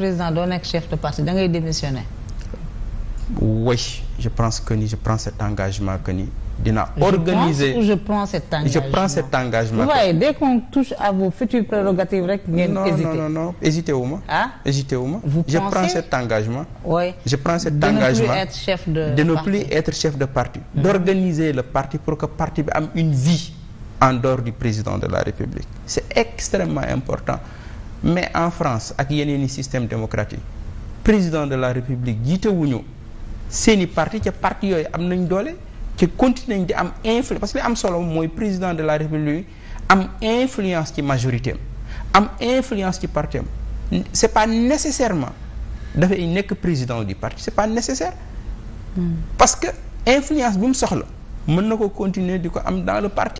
président doo nekk chef de parti da ngay démissionner. oui je pense que ni je prends cet engagement que ni dina organiser je prends cet engagement je prends cet engagement. waaye dès qu'on touche rek. ngeen hésité non non non hésité wu ma. ah hésité wu ma. je prends cet je prends cet engagement de ne plus être chef de. de ne plus être hmm. d'organiser le parti pour que parti bi am une vie en dehors du président de la République. c'est extrêmement important. mais en France ak yeneen i système démocratique président de la république jiitewuñu seeni parti ca parti yooyu am nañ doole ca continuer di am influence parce que am solo mooy président de la république am influence ci majorité am influence ci parti am c'est pas nécessairement dafay nekk président du parti c'est pas nécessaire hmm. parce que influence bu mu soxla mën na ko continuer di ko am dans le parti